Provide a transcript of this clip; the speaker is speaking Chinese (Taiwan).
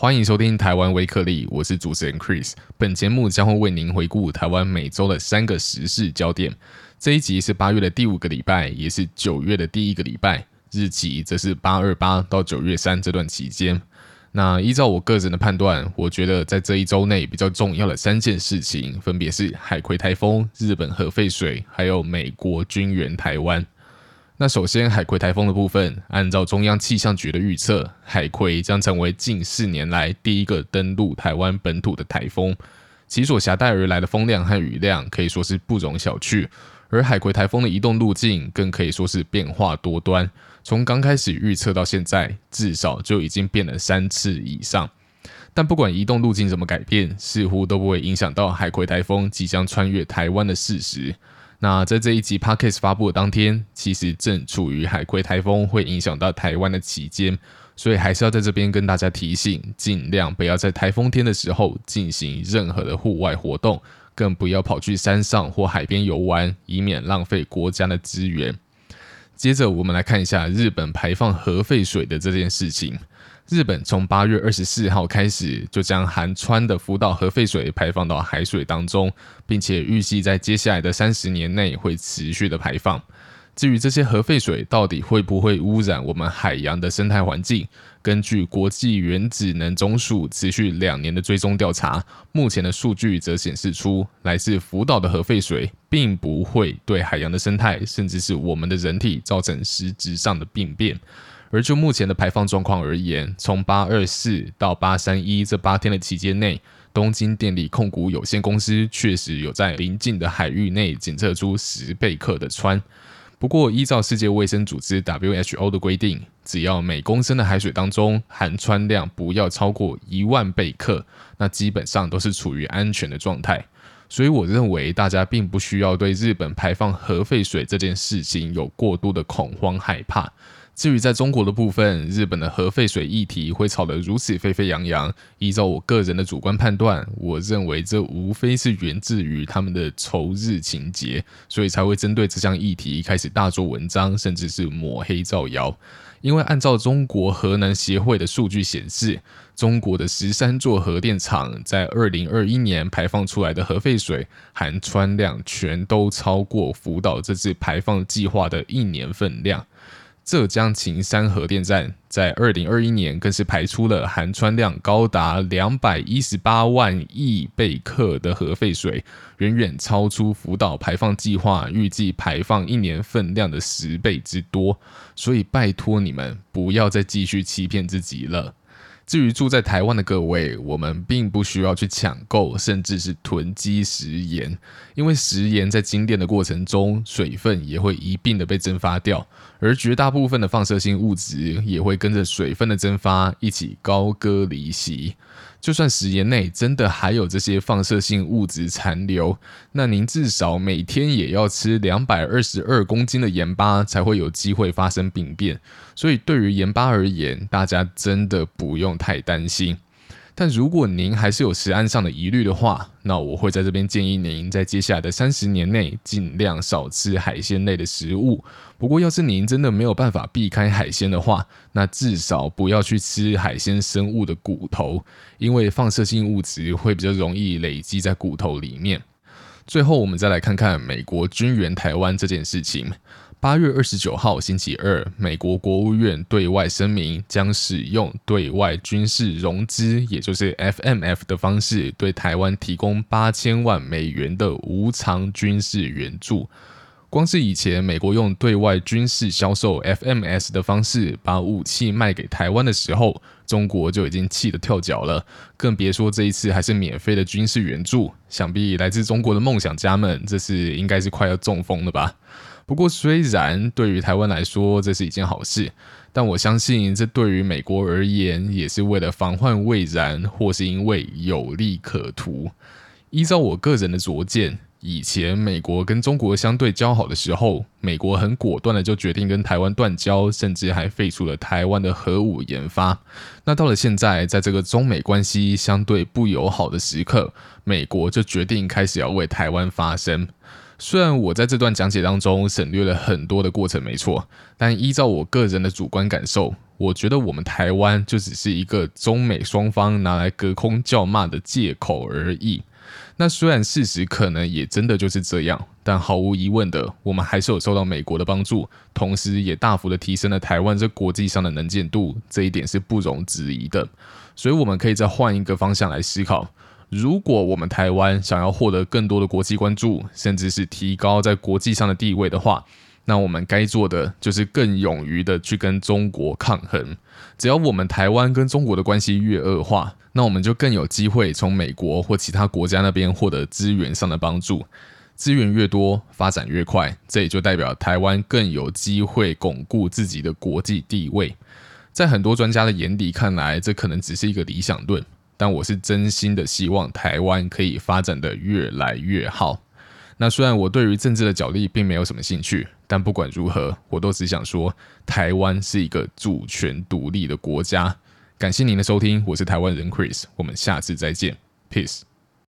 歡迎收聽台灣威克力，我是主持人 Chris。本節目將會為您回顧台灣每周的三個時事焦點。這一集是八月的第五個禮拜，也是九月的第一個禮拜，日期則是八二八到九月三這段期間。那依照我個人的判斷，我覺得在這一周內比較重要的三件事情，分別是海葵台風、日本核廢水，還有美國軍援台灣。那首先，海葵台風的部分，按照中央氣象局的預測，海葵將成為近四年來第一個登陸台灣本土的台風，其所挾帶而來的風量和雨量可以說是不容小覷。而海葵台風的移動路徑更可以說是變化多端，從剛開始預測到現在，至少就已經變了三次以上。但不管移動路徑怎麼改變，似乎都不會影響到海葵台風即將穿越台灣的事實。那在這一集 Podcast 發布的當天，其實正處於海葵台風會影響到台灣的期間，所以還是要在這邊跟大家提醒，儘量不要在台風天的時候進行任何的戶外活動，更不要跑去山上或海邊遊玩，以免浪費國家的資源。接着，我們來看一下日本排放核廢水的這件事情。日本從八月二十四號開始，就將含氚的福島核廢水排放到海水當中，並且預計在接下來的三十年內會持續的排放。至於這些核廢水到底會不會污染我們海洋的生態環境？根據國際原子能總署持續兩年的追蹤調查，目前的數據則顯示出，來自福島的核廢水並不會對海洋的生態，甚至是我們的人體造成實質上的病變。而就目前的排放狀況而言，從八二四到八三一這八天的期間內，東京電力控股有限公司確實有在鄰近的海域內檢測出十貝克的氚。不過，依照世界衛生組織 （WHO） 的規定，只要每公升的海水當中含氚量不要超過一萬貝克，那基本上都是處於安全的狀態。所以，我認為大家並不需要對日本排放核廢水這件事情有過度的恐慌害怕。至於在中國的部分，日本的核廢水議題會吵得如此沸沸揚揚，依照我個人的主觀判斷，我認為這無非是源自於他們的仇日情結，所以才會針對這項議題開始大做文章，甚至是抹黑造謠。因為按照中國核能協會的數據顯示，中國的十三座核電廠在二零二一年排放出來的核廢水含氚量全都超過福島這次排放計劃的一年份量。浙江秦山核電站在二零二一年更是排出了含氚量高達兩百一十八萬億貝克的核廢水，遠遠超出福島排放計劃預計排放一年分量的十倍之多。所以，拜託你們不要再繼續欺騙自己了。至於住在台灣的各位，我們並不需要去搶購，甚至是囤積食鹽，因為食鹽在經典的過程中，水分也會一併的被蒸發掉，而絕大部分的放射性物質也會跟着水分的蒸發一起高歌離席。就算食鹽內真的還有這些放射性物質殘留，那您至少每天也要吃兩百二十二公斤的鹽巴，才會有機會發生病變。所以，對於鹽巴而言，大家真的不用太擔心。但如果您還是有食安上的疑慮的話，那我會在這邊建議您在接下來的三十年內盡量少吃海鮮類的食物。不過，要是您真的沒有辦法避開海鮮的話，那至少不要去吃海鮮生物的骨頭，因為放射性物質會比較容易累積在骨頭裡面。最後，我們再來看看美國軍援台灣這件事情。八月二十九號星期二，美國國務院對外聲明，將使用對外軍事融資，也就是 FMF 的方式，對台灣提供八千萬美元的無償軍事援助。光是以前美國用對外軍事銷售 FMS 的方式把武器賣給台灣的時候，中國就已經氣得跳腳了，更別說這一次還是免費的軍事援助。想必來自中國的夢想家們，這次應該是快要中風了吧。不過，雖然對於台灣來說這是一件好事，但我相信這對於美國而言，也是為了防患未然，或是因為有利可圖。依照我個人的拙見，以前美國跟中國相對交好的時候，美國很果斷的就決定跟台灣斷交，甚至還廢除了台灣的核武研發。那到了現在，在這個中美關係相對不友好的時刻，美國就決定開始要為台灣發聲。雖然我在這段講解當中省略了很多的過程，沒錯，但依照我個人的主觀感受，我覺得我們台灣就只是一個中美雙方拿來隔空叫罵的借口而已。那雖然事實可能也真的就是這樣，但毫無疑問的，我們還是有受到美國的幫助，同時也大幅的提升了台灣這國際上的能見度，這一點是不容置疑的。所以我們可以再換一個方向來思考。如果我們台灣想要獲得更多的國際關注，甚至是提高在國際上的地位的話，那我們該做的就是更勇於的去跟中國抗衡。只要我們台灣跟中國的關係越惡化，那我們就更有機會從美國或其他國家那邊獲得資源上的幫助。資源越多，發展越快，這也就代表台灣更有機會鞏固自己的國際地位。在很多專家的眼底看來，這可能只是一個理想論。但我是真心的希望台灣可以發展的越來越好。那雖然我對於政治的角力並沒有什麼興趣，但不管如何，我都只想說，台灣是一個主權獨立的國家。感謝您的收聽，我是台灣人 Chris，我們下次再見，Peace。